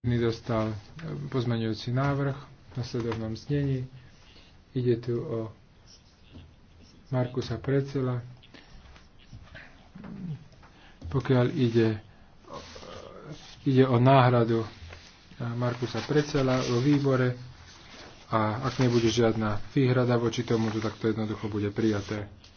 mi dostal eh, pozmeňujúci návrh v nasledovnom znení. Ide tu o Markusa Precela. Pokiaľ ide, ide o náhradu eh, Markusa Precela vo výbore a ak nebude žiadna výhrada voči tomu, tak to jednoducho bude prijaté.